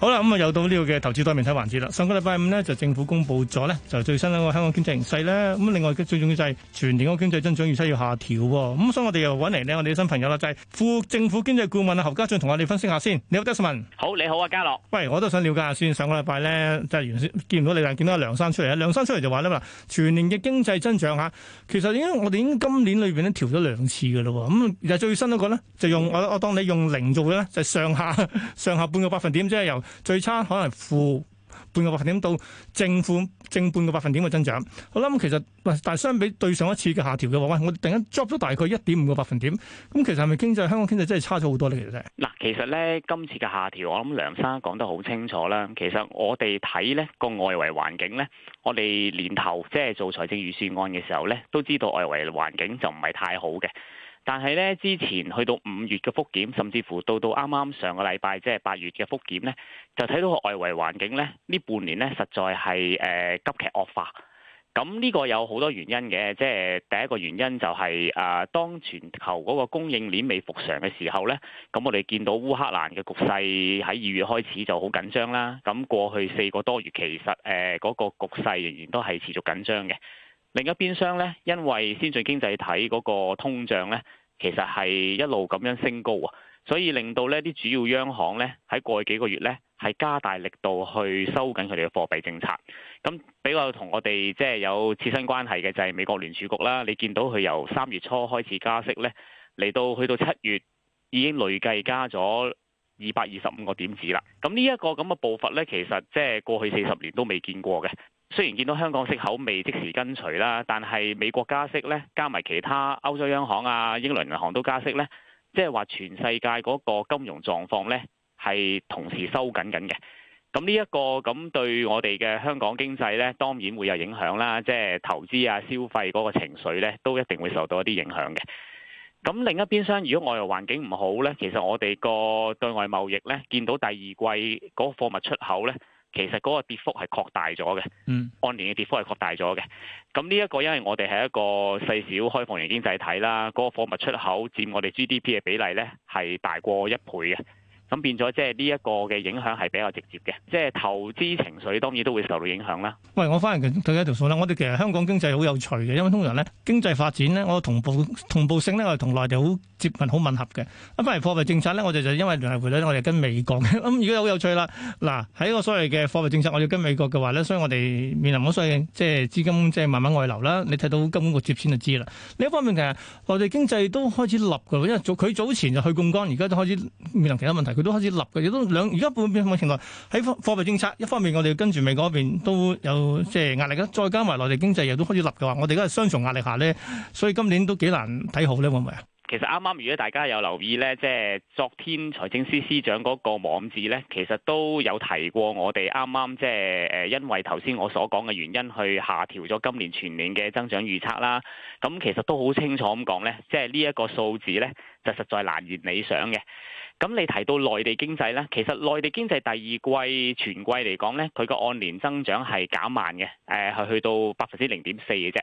好啦，咁啊有到呢個嘅投資多面睇環節啦。上個禮拜五呢，就政府公布咗呢，就最新嗰個香港經濟形勢咧。咁另外最重要就係全年嗰個經濟增長預測要下調喎，哦。咁、嗯、所以我哋又揾嚟呢，我哋新朋友啦，就係、是、副政府經濟顧問啊侯家俊同我哋分析下先。你好 d e 好，你好啊，嘉樂。喂，我都想了解下先。上個禮拜呢，就是、原先見唔到你，但見到阿梁生出嚟，梁生出嚟就話咧，嗱，全年嘅經濟增長嚇，其實已經我哋已經今年裏邊咧調咗兩次嘅咯。咁、嗯、而最新嗰個咧就用我我當你用零做咧，就是、上下上下半個百分點即係由。最差可能負半個百分點到正負正半個百分點嘅增長，我諗其實，嗱，但係相比對上一次嘅下調嘅話，喂，我哋突然間 drop 咗大概一點五個百分點，咁其實係咪經濟，香港經濟真係差咗好多咧？其實嗱，其實咧今次嘅下調，我諗梁生講得好清楚啦。其實我哋睇咧個外圍環境咧，我哋年頭即係做財政預算案嘅時候咧，都知道外圍環境就唔係太好嘅。但係咧，之前去到五月嘅復檢，甚至乎到到啱啱上個禮拜，即係八月嘅復檢呢，就睇到個外圍環境呢，呢半年呢，實在係誒、呃、急劇惡化。咁呢個有好多原因嘅，即係第一個原因就係、是、誒、呃、當全球嗰個供應鏈未復常嘅時候呢，咁我哋見到烏克蘭嘅局勢喺二月開始就好緊張啦。咁過去四個多月，其實誒嗰、呃嗰個局勢仍然都係持續緊張嘅。另一邊廂咧，因為先進經濟體嗰個通脹咧，其實係一路咁樣升高啊，所以令到呢啲主要央行咧，喺過去幾個月咧，係加大力度去收緊佢哋嘅貨幣政策。咁比較同我哋即係有切身關係嘅就係美國聯儲局啦。你見到佢由三月初開始加息咧，嚟，到去到七月已經累計加咗二百二十五個點子啦。咁呢一個咁嘅步伐咧，其實即係過去四十年都未見過嘅。雖然見到香港息口未即時跟隨啦，但係美國加息呢，加埋其他歐洲央行啊、英倫銀行都加息呢，即係話全世界嗰個金融狀況呢係同時收緊緊嘅。咁呢一個咁對我哋嘅香港經濟呢，當然會有影響啦。即係投資啊、消費嗰個情緒呢，都一定會受到一啲影響嘅。咁另一邊廂，如果外圍環境唔好呢，其實我哋個對外貿易呢，見到第二季嗰個貨物出口呢。其實嗰個跌幅係擴大咗嘅，嗯、按年嘅跌幅係擴大咗嘅。咁呢一個因為我哋係一個細小開放型經濟體啦，嗰、那個貨物出口佔我哋 GDP 嘅比例咧係大過一倍嘅。咁變咗即係呢一個嘅影響係比較直接嘅，即係投資情緒當然都會受到影響啦。喂，我翻嚟講一條數啦。我哋其實香港經濟好有趣嘅，因為通常咧經濟發展咧，我同步同步性咧係同內地好接近、好吻合嘅。一翻嚟貨幣政策咧，我哋就因為聯繫匯率我哋跟美國嘅。咁而家好有趣啦。嗱，喺個所謂嘅貨幣政策，我哋跟美國嘅話咧，所以我哋面臨咗所謂即係資金即係慢慢外流啦。你睇到金管局接錢就知啦。另一方面其實內地經濟都開始立嘅，因為佢早前就去槓桿，而家都開始面臨其他問題。都開始立嘅，亦都兩而家普遍變情況，喺貨幣政策一方面，我哋跟住美國嗰邊都有即係、就是、壓力嘅。再加埋內地經濟又都開始立嘅話，我哋都係雙重壓力下咧，所以今年都幾難睇好咧，會唔會啊？其實啱啱，如果大家有留意呢，即係昨天財政司司長嗰個網誌呢，其實都有提過我哋啱啱即係因為頭先我所講嘅原因，去下調咗今年全年嘅增長預測啦。咁其實都好清楚咁講呢，即係呢一個數字呢，就實在難言理想嘅。咁你提到內地經濟呢，其實內地經濟第二季全季嚟講呢，佢個按年增長係減慢嘅，誒係去到百分之零點四嘅啫。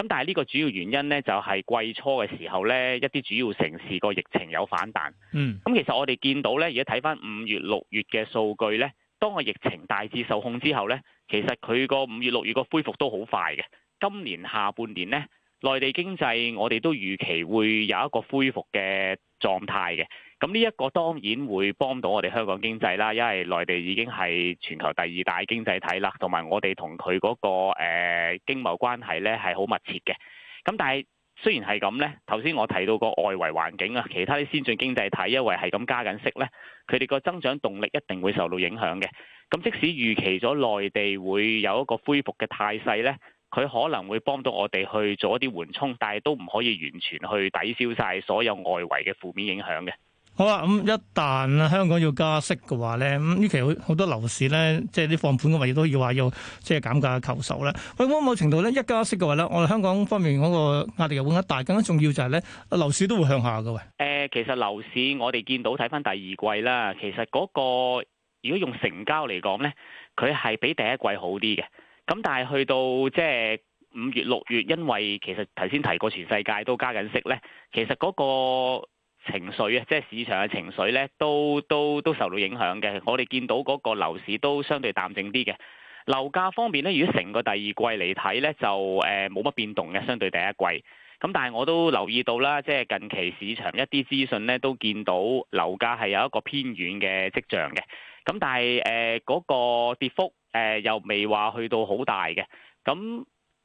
咁但係呢個主要原因呢，就係季初嘅時候呢，一啲主要城市個疫情有反彈。嗯，咁其實我哋見到呢，而家睇翻五月、六月嘅數據呢，當個疫情大致受控之後呢，其實佢個五月、六月個恢復都好快嘅。今年下半年呢，內地經濟我哋都預期會有一個恢復嘅狀態嘅。咁呢一個當然會幫到我哋香港經濟啦，因為內地已經係全球第二大經濟體啦，同埋我哋同佢嗰個誒、呃、經貿關係咧係好密切嘅。咁但係雖然係咁呢，頭先我提到個外圍環境啊，其他啲先進經濟體因為係咁加緊息呢，佢哋個增長動力一定會受到影響嘅。咁即使預期咗內地會有一個恢復嘅態勢呢，佢可能會幫到我哋去做一啲緩衝，但係都唔可以完全去抵消晒所有外圍嘅負面影響嘅。好啦，咁、嗯、一旦香港要加息嘅話咧，咁呢期好好多樓市咧，即係啲放盤嘅話亦都要話要即係減價求售啦。喂、嗯，某某程度咧，一加息嘅話咧，我哋香港方面嗰個壓力又會更大？更加重要就係咧，樓市都會向下嘅喎、呃。其實樓市我哋見到睇翻第二季啦，其實嗰、那個如果用成交嚟講咧，佢係比第一季好啲嘅。咁但係去到即係五月六月，因為其實頭先提過全世界都加緊息咧，其實嗰、那個。情緒啊，即係市場嘅情緒呢，都都都受到影響嘅。我哋見到嗰個樓市都相對淡靜啲嘅。樓價方面呢，如果成個第二季嚟睇呢，就誒冇乜變動嘅，相對第一季。咁但係我都留意到啦，即係近期市場一啲資訊呢，都見到樓價係有一個偏軟嘅跡象嘅。咁但係誒嗰個跌幅誒、呃、又未話去到好大嘅。咁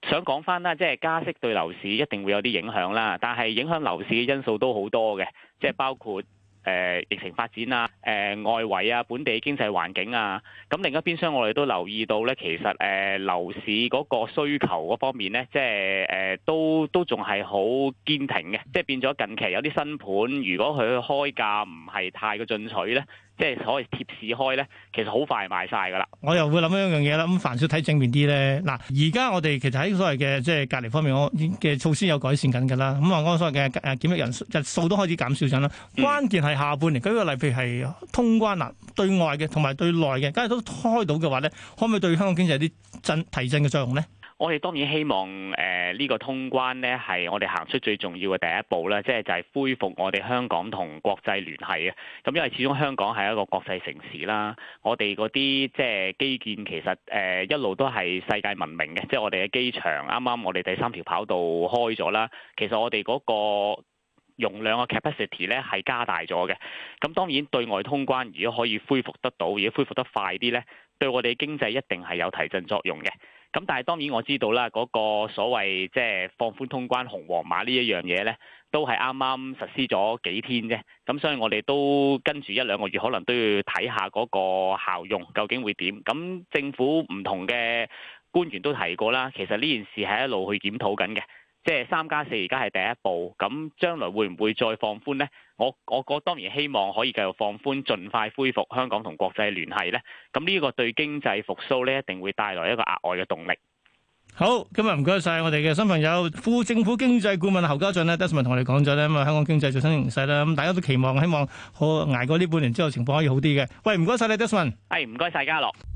想講翻啦，即係加息對樓市一定會有啲影響啦，但係影響樓市嘅因素都好多嘅，即係包括誒、呃、疫情發展啊、誒、呃、外圍啊、本地經濟環境啊。咁另一邊廂我哋都留意到咧，其實誒、呃、樓市嗰個需求嗰方面咧，即係誒、呃、都都仲係好堅挺嘅，即係變咗近期有啲新盤，如果佢開價唔係太過進取咧。即係所謂貼市開咧，其實好快賣晒噶啦。我又會諗一樣嘢啦。咁凡少睇正面啲咧，嗱，而家我哋其實喺所謂嘅即係隔離方面，我嘅措施有改善緊噶啦。咁啊，香港所謂嘅誒檢疫人日數，數都開始減少緊啦。關鍵係下半年。舉個例，譬如係通關啦，對外嘅同埋對內嘅，假如都開到嘅話咧，可唔可以對香港經濟有啲振提振嘅作用咧？我哋當然希望誒呢、呃這個通關呢係我哋行出最重要嘅第一步啦，即係就係恢復我哋香港同國際聯繫啊！咁因為始終香港係一個國際城市啦，我哋嗰啲即係基建其實誒、呃、一路都係世界聞名嘅，即係我哋嘅機場啱啱我哋第三條跑道開咗啦，其實我哋嗰個容量嘅 capacity 呢係加大咗嘅。咁當然對外通關，如果可以恢復得到，如果恢復得快啲呢，對我哋經濟一定係有提振作用嘅。咁但係當然我知道啦，嗰個所謂即係放寬通關紅黃碼呢一樣嘢呢，都係啱啱實施咗幾天啫。咁所以我哋都跟住一兩個月，可能都要睇下嗰個效用究竟會點。咁政府唔同嘅官員都提過啦，其實呢件事係一路去檢討緊嘅。即係三加四，而家係第一步。咁將來會唔會再放寬呢？我我，我當然希望可以繼續放寬，盡快恢復香港同國際聯繫呢。咁呢個對經濟復甦呢，一定會帶來一個額外嘅動力。好，今日唔該晒我哋嘅新朋友，副政府經濟顧問侯家俊咧，Desmond 同我哋講咗呢，咁啊香港經濟最新形勢啦。咁大家都期望，希望我挨過呢半年之後，情況可以好啲嘅。喂，唔該晒你，Desmond。係 Des，唔該晒，謝謝家樂。